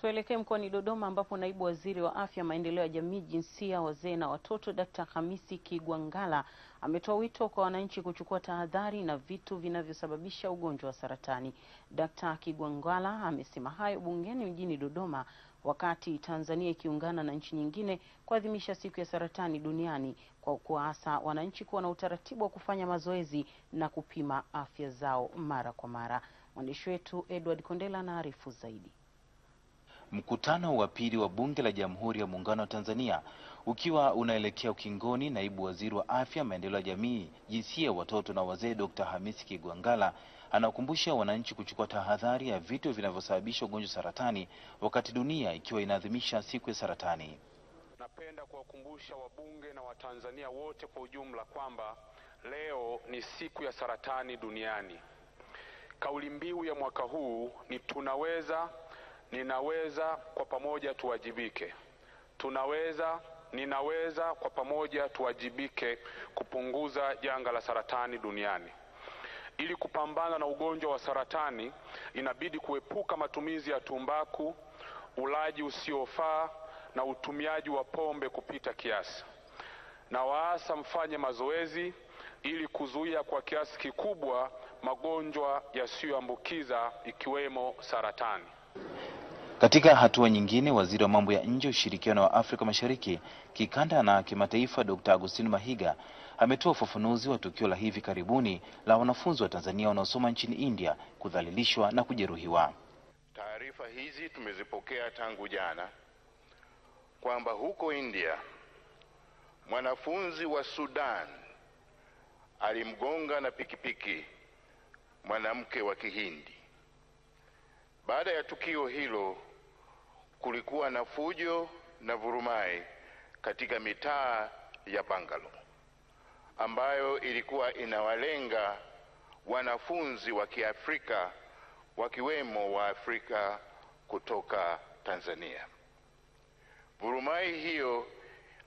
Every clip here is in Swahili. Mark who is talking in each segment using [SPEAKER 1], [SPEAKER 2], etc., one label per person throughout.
[SPEAKER 1] Tuelekee mkoani Dodoma ambapo naibu waziri wa afya, maendeleo ya jamii, jinsia, wazee na watoto Dkt. Hamisi kigwangala ametoa wito kwa wananchi kuchukua tahadhari na vitu vinavyosababisha ugonjwa wa saratani. Dkt. kigwangala amesema hayo bungeni mjini Dodoma wakati Tanzania ikiungana na nchi nyingine kuadhimisha siku ya saratani duniani kwa kuwaasa wananchi kuwa na utaratibu wa kufanya mazoezi na kupima afya zao mara kwa mara. Mwandishi wetu Edward Kondela anaarifu zaidi.
[SPEAKER 2] Mkutano wa pili wa Bunge la Jamhuri ya Muungano wa Tanzania ukiwa unaelekea ukingoni, naibu waziri wa afya, maendeleo ya jamii, jinsia, watoto na wazee, dr Hamisi kigwangala anakumbusha wananchi kuchukua tahadhari ya vitu vinavyosababisha ugonjwa saratani wakati dunia ikiwa inaadhimisha siku ya saratani.
[SPEAKER 3] Napenda kuwakumbusha wabunge na Watanzania wote kwa ujumla kwamba leo ni siku ya saratani duniani. Kauli mbiu ya mwaka huu ni tunaweza ninaweza kwa pamoja tuwajibike, tunaweza ninaweza kwa pamoja tuwajibike kupunguza janga la saratani duniani. Ili kupambana na ugonjwa wa saratani, inabidi kuepuka matumizi ya tumbaku, ulaji usiofaa na utumiaji wa pombe kupita kiasi. Na waasa mfanye mazoezi ili kuzuia kwa kiasi kikubwa magonjwa yasiyoambukiza ikiwemo saratani.
[SPEAKER 2] Katika hatua nyingine, waziri wa mambo ya nje, ushirikiano wa Afrika Mashariki, kikanda na kimataifa, Dr. Agustin Mahiga ametoa ufafanuzi wa tukio la hivi karibuni la wanafunzi wa Tanzania wanaosoma nchini India kudhalilishwa na kujeruhiwa.
[SPEAKER 4] Taarifa hizi tumezipokea tangu jana kwamba huko India mwanafunzi wa Sudan alimgonga na pikipiki mwanamke wa Kihindi. Baada ya tukio hilo, kulikuwa na fujo na vurumai katika mitaa ya bangalo ambayo ilikuwa inawalenga wanafunzi wa Kiafrika wakiwemo Waafrika kutoka Tanzania. Vurumai hiyo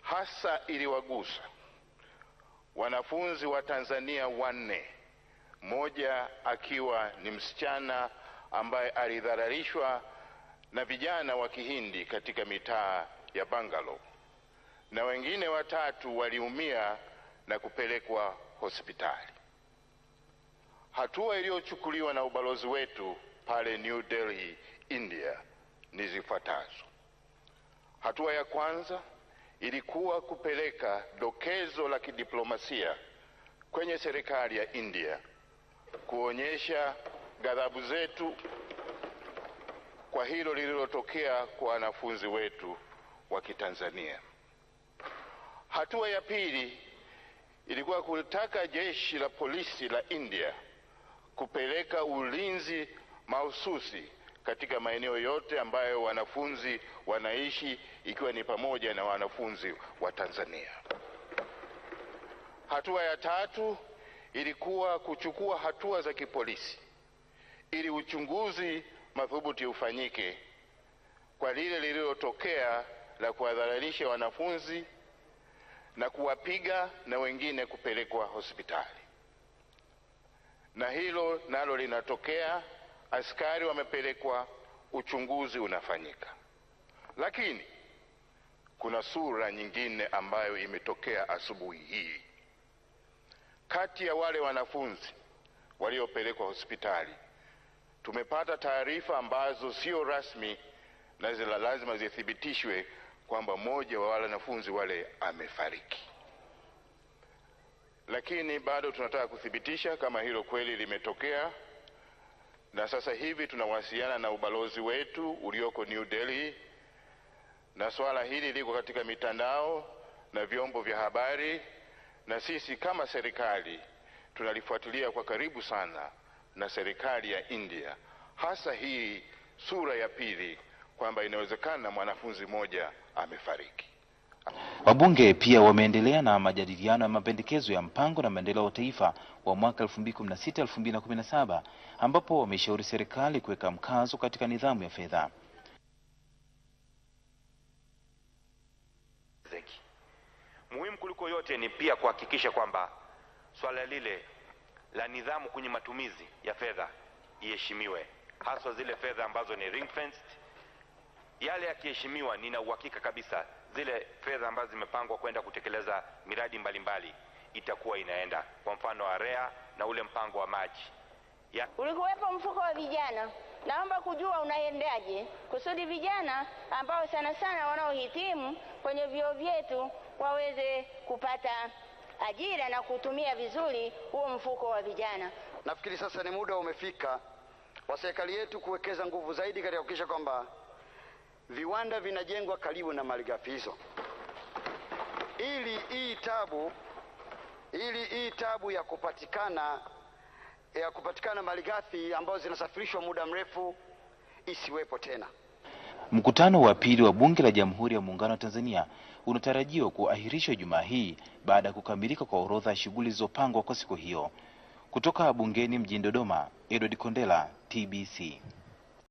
[SPEAKER 4] hasa iliwagusa wanafunzi wa Tanzania wanne, mmoja akiwa ni msichana ambaye alidhararishwa na vijana wa Kihindi katika mitaa ya Bangalo, na wengine watatu waliumia na kupelekwa hospitali. Hatua iliyochukuliwa na ubalozi wetu pale New Delhi, India ni zifuatazo. Hatua ya kwanza ilikuwa kupeleka dokezo la kidiplomasia kwenye serikali ya India kuonyesha ghadhabu zetu kwa hilo lililotokea kwa wanafunzi wetu wa Kitanzania. Hatua ya pili ilikuwa kutaka jeshi la polisi la India kupeleka ulinzi mahususi katika maeneo yote ambayo wanafunzi wanaishi ikiwa ni pamoja na wanafunzi wa Tanzania. Hatua ya tatu ilikuwa kuchukua hatua za kipolisi ili uchunguzi madhubuti ufanyike kwa lile lililotokea la kuwadhalalisha wanafunzi na kuwapiga na wengine kupelekwa hospitali. Na hilo nalo linatokea, askari wamepelekwa, uchunguzi unafanyika. Lakini kuna sura nyingine ambayo imetokea asubuhi hii. Kati ya wale wanafunzi waliopelekwa hospitali Tumepata taarifa ambazo sio rasmi na zila lazima zithibitishwe kwamba mmoja wa wanafunzi wale amefariki, lakini bado tunataka kuthibitisha kama hilo kweli limetokea, na sasa hivi tunawasiliana na ubalozi wetu ulioko New Delhi, na swala hili liko katika mitandao na vyombo vya habari, na sisi kama serikali tunalifuatilia kwa karibu sana na serikali ya India, hasa hii sura ya pili, kwamba inawezekana mwanafunzi mmoja amefariki.
[SPEAKER 2] Wabunge pia wameendelea na majadiliano ya mapendekezo ya mpango na maendeleo wa taifa wa mwaka 2016 2017 ambapo wameshauri serikali kuweka mkazo katika nidhamu ya fedha.
[SPEAKER 5] Muhimu kuliko yote ni pia kuhakikisha kwamba swala lile la nidhamu kwenye matumizi ya fedha iheshimiwe, haswa zile fedha ambazo ni ring fenced. Yale yakiheshimiwa, nina uhakika kabisa zile fedha ambazo zimepangwa kwenda kutekeleza miradi mbalimbali mbali, itakuwa inaenda. Kwa mfano area na ule mpango wa maji
[SPEAKER 6] ya... ulikuwepo mfuko wa vijana. Naomba kujua unaendaje kusudi vijana ambao sana sana wanaohitimu kwenye vyuo vyetu waweze kupata ajira na kutumia vizuri huo mfuko wa vijana.
[SPEAKER 7] Nafikiri sasa ni muda umefika wa serikali yetu kuwekeza nguvu zaidi katika kuhakikisha kwamba viwanda vinajengwa karibu na malighafi hizo, ili hii tabu ili hii tabu ya kupatikana ya kupatikana malighafi ambazo zinasafirishwa muda mrefu isiwepo tena.
[SPEAKER 2] Mkutano wa pili wa Bunge la Jamhuri ya Muungano wa Tanzania unatarajiwa kuahirishwa Jumaa hii baada ya kukamilika kwa orodha ya shughuli zilizopangwa kwa siku hiyo. Kutoka bungeni mjini Dodoma, Edward Kondela, TBC.